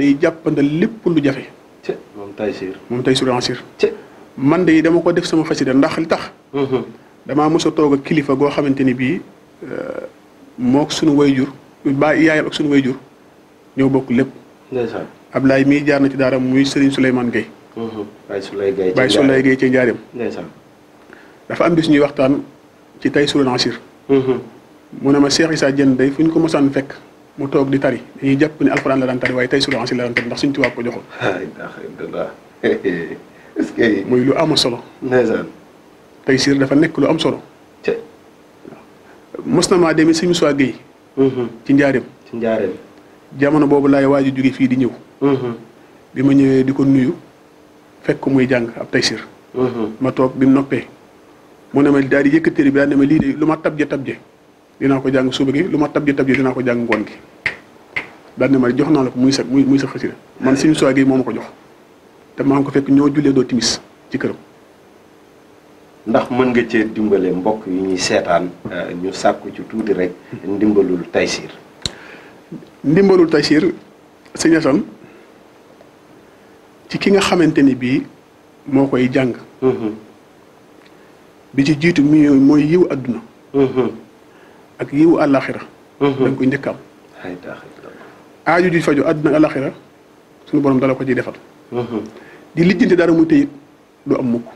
day jàppandal lépp lu jafe. moom Taysiir moom Taysiir Ansir. man de dama ko def sama fasida ndax li tax. Mm-hmm. damaa mos a toog ak kilifa goo xamante ni bii moo euh, mook sunu jur ba yaayam ak sunu wayjur ñëw bokk lépp. ndeysaan Ablaye mii jaar na ci daara muy Serigne Souleymane Gueye. Mm-hmm. Baye Souley Gueye ci Baye Souley Gueye Njaareem. dafa am bis ñuy waxtaan ci Taysiir Ansir. Mm-hmm. mu ne ma Cheikh Issa Diène day fu ñu ko mosaan fekk. mu toog di tari dañuy jàpp ne alxuraan la daan tari waaye tey sulu ansi la daan tari ndax suñ tubaab ko joxoon est-ce que muy lu am solo tey siir dafa nekk lu am solo waaw mos na ma demee suñu soi Guèye mm-hmm. ci njaareem ci njaareem jamono boobu laay waaj a jóge fii di ñëw mm-hmm. bi ma ñëwee di ko nuyu fekk muy jàng ab tey mm-hmm. ma toog bi mu noppee mu ne ma daal di yëkkatéri bi daal ne ma lii de lu ma tabje tabje dinaa ko jàng suba gi lu ma tabji tabji dinaa ko jàng ngoon gi daal ne ma jox naa la ko muy sa muy muy sa xasida man suñu soi gi moo ma ko te maa ngi ko fekk ñoo jullee doo timis ci këram ndax mën nga cee dimbale mbokk yu seetaan euh, ñu ci tuuti rek ndimbalul Taysiir ndimbalul Taysiir sëñ Assane ci ki nga xamante ni bii moo koy jàng mm-hmm. bi ci jiitu mi mooy yiw àdduna mm-hmm. ak yiwu àllaaxira mhm. dañ koy njëkk am aaju faju àdduna àllaaxira suñu borom dala ko ciy defal mhm. di lijjanti dara mu tëyit du am mukk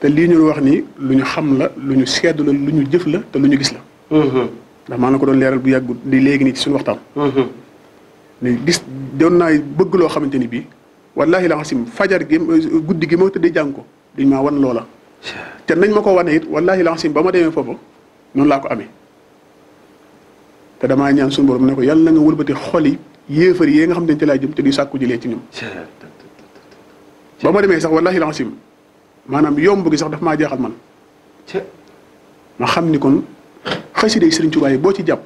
te lii ñu wax ni lu ñu xam la lu ñu sedd la lu ñu jëf la te lu ñu gis la mhm. ndax maa la ko doon leeral bu yàggut di léegi nii ci suñu waxtaan doon naa bëgg loo xamante ni bii wallaahi la xasim fajar gi guddi gi ma tëddee jàng ko dañ maa wan loola te nañ ma ko wane it wallahi lancim ba ma demee foofu noonu laa ko amee te damaa ñaan suñu ne ko yàlla na nga wëlbati xoli yi yéefar yi nga xam ne ci laa jëm te di sàkku jëlee ci ñoom ba ma demee sax wallahi lancim maanaam yomb gi sax daf maa jeexal man ma xam ni kon xasida yi Sëriñ Tuubaa yi boo ci jàpp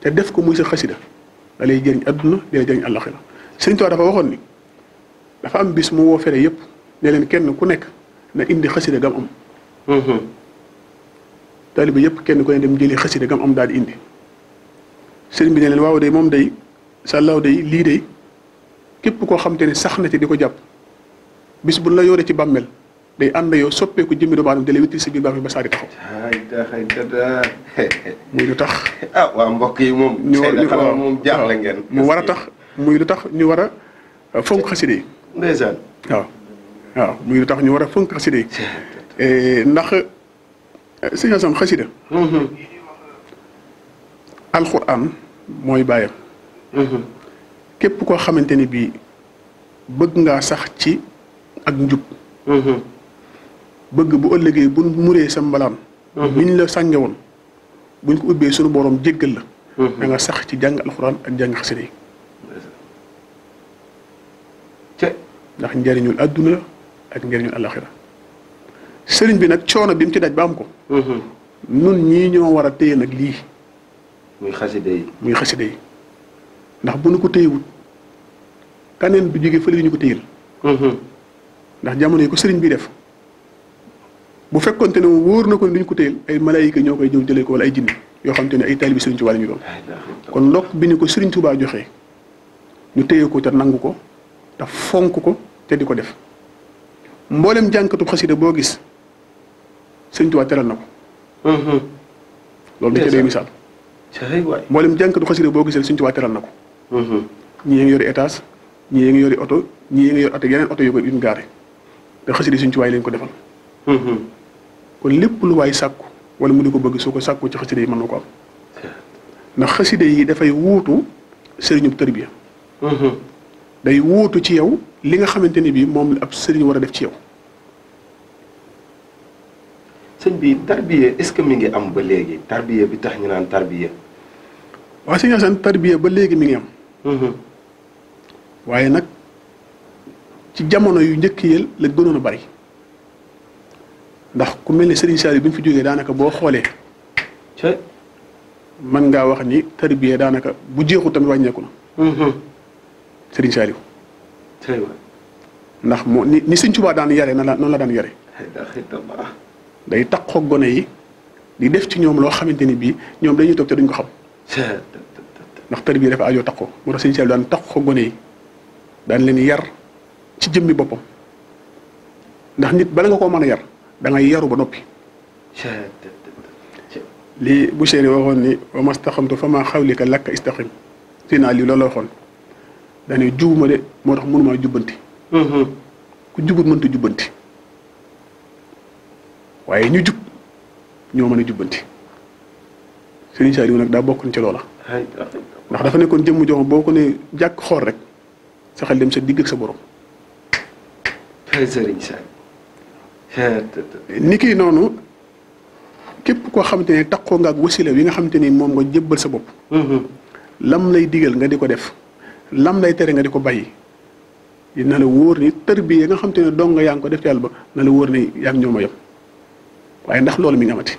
te def ko muy sa xasida da lay jëriñ adduna da lay jëriñ àllaxira Sëriñ Tuubaa dafa waxoon ni dafa am bis mu woo fere yëpp ne leen kenn ku nekk na indi xasida gam am. Mm-hmm. taalibe yëpp kenn ku ne dem jëli xasida gam am daal di indi sëriñ bi leen waaw day moom day sàllaaw day lii day képp koo xam te ne sax na ci di ko jàpp bis bu la yore ci bàmmeel day ànd yow soppeeku jëmmi doomu aadama di la wittil si biir bàmmeel ba saa di taxaw. muy lu tax. Ah, mbokk yi moom. ñu mu war a tax muy lu tax ñu war a uh, fonk xasida yi. ndeysaan waaw mu ngi tax ñu war a fonk xasida yi eh, ndax eh, sëñ Assane xasida mm-hmm. alxuraan mooy bàyyam mm-hmm. képp koo xamante ni bii bëgg ngaa sax ci ak njub mm-hmm. bëgg bu ëllëgee bu muree sa mbalaan biñ la sànge woon buñ ko ubbee suñu borom jéggal la da nga sax ci jàng alxuraan ak jàng xasida yi ndax njariñul àdduna ak njëriñu àlaxira sëriñ bi nag coono bi mu ci daj ba am ko. Mhm. nun ñii ñoo war a téye nag lii. muy xaside yi muy xaside ndax bu nu ko téyewut kaneen du jóge fële ñu ko téyel mhm. ndax jamono yi ko sëriñ bi def bu fekkonte ne wóor na ko ne duñ ko téyel ay malaayika ñoo koy jëw jëlee ko wala ay jinne yoo xam te ne ay taalibi sëriñ Tuubaa la ñu doon kon ndokk bi ñu ko sëriñ Tuubaa joxee ñu téye ko te nangu ko te fonk ko te di ko def mbooleem jànkatu xasida boo gis sëñ Tuubaa teral na ko. loolu dañ ca doy misaal. mboolem jànkatu xasida boo gis rek sëñ Tuubaa teral na ko. Mm-hmm. Mm-hmm. ñii ya ngi yori étage ñii ya ngi yori oto ñii ya ngi yori oto yeneen oto yu ko yuñ gaare te xasida yi lañ ko mm-hmm. lépp lu waay sàkku wala mu di ko bëgg soo ko ci xasida yi mën na ko am. ndax dafay wuutu sëriñub tërbiya day wuutu ci yow li nga xamante ni bii moom ab sëriñ war a def ci yow. sëñ bi tarbiya est-ce que mi ngi am ba léegi tarbiya bi tax ñu naan tarbiya. waaw sëñ Assane tarbiya ba léegi mi ngi am. Mm-hmm. waaye nag ci jamono yu njëkk yi la gënoon a bari ndax ku mel ne Serigne Saliou bi mu fi jógee daanaka boo xoolee. mën ngaa wax ni tarbiya daanaka bu jeexul tamit wàññeeku na. Mm-hmm. Serigne Saliou. ndax moo ni ni Sëñ Tuubaa daan yare na la noonu la daan yare. day taqoo gone yi di def ci ñoom loo xamante ni bii ñoom dañuy toog te duñ ko xam. ndax tër bii dafa ajoo taqoo moo tax sëñ Saliou daan taqoo gone yi daan leen yar ci jëmmi boppam ndax nit bala nga koo mën a yar dangay yaru ba noppi. lii bu cher waxoon ni wa mastaxamtu fa maa ka lakk istaxim si naa lii loolu la waxoon jubuma de moo tax mënuma jubbanti. Mm-hmm. ku jubut mënta jubbanti. waaye ñu jub ñoo mën a jubbanti Serigne Saliou nag daa bokkuñ ci loola. ndax dafa nekkoon jëmm jox boo ko ne jàkk xool rek sa xel dem sa digg ak sa borom. Serigne Saliou. ni kii noonu képp koo xamante ne takkoo nga ak wasila wi nga xamante ni moom nga jëbbal sa bopp. Mm-hmm. lam lay digal nga di ko def lam lay tere nga di ko bàyyi. na la wóor ni tër bi nga xam te ne dong nga yaa ngi ko def ci yàlla na la wóor ni yaa ngi ñoom a yem waaye ndax loolu mi ngi amati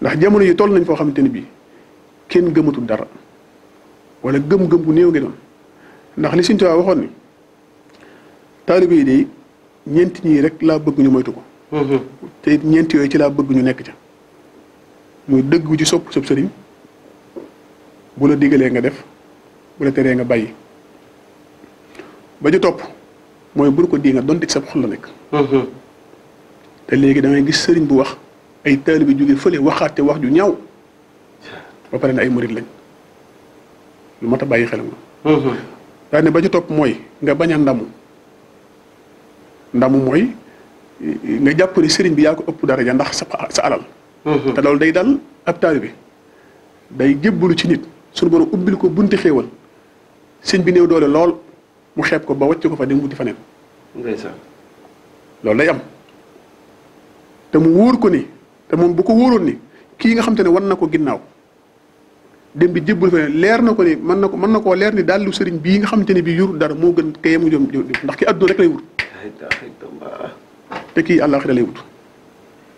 ndax jamono yi toll nañ foo xamante ni bii kenn gëmatul dara wala gëm-gëm bu néew ngi doon ndax li suñ Tuubaa waxoon ni taalibe yi de ñeenti ñii rek laa bëgg ñu moytu ko. Mm-hmm. te it ñeenti yooyu ci laa bëgg ñu nekk ca. muy dëggu ci sopp sab sëriñ bu la digalee nga def bu la teree nga bàyyi ba ju topp mooy bur ko di nga donte sa xol la nekk. Mm-hmm. te léegi da gis sëriñ bu wax ay bi jóge fële waxaate wax ju ñaw ba pare na ay murit lañ lu mat a bàyyi xelam la. Mm-hmm. ba ci topp mooy nga bañ a ndamu ndamu mooy nga jàpp ne sëriñ bi yaa ko ëpp daraja ndax sa alal. Mm-hmm. te lool day dal ab bi day jébbalu ci nit suñu borom ubbil ko bunti xéewal sëñ bi néew doole lool mu xeeb ko ba wàcc ko fa dem wuti fa neen. loolu day am. te mu wóor ko ni te moom bu ko wóoroon ni kii nga xam te ne wan na ko ginnaaw dem bi jébbal feneen leer na ko ni mën na ko mën na koo leer ni daal lu sëriñ bii nga xam te ne bii yur dara moo gën yem kayemu jëm ndax ki àdduna rek lay wut te kii àllaaxira lay wut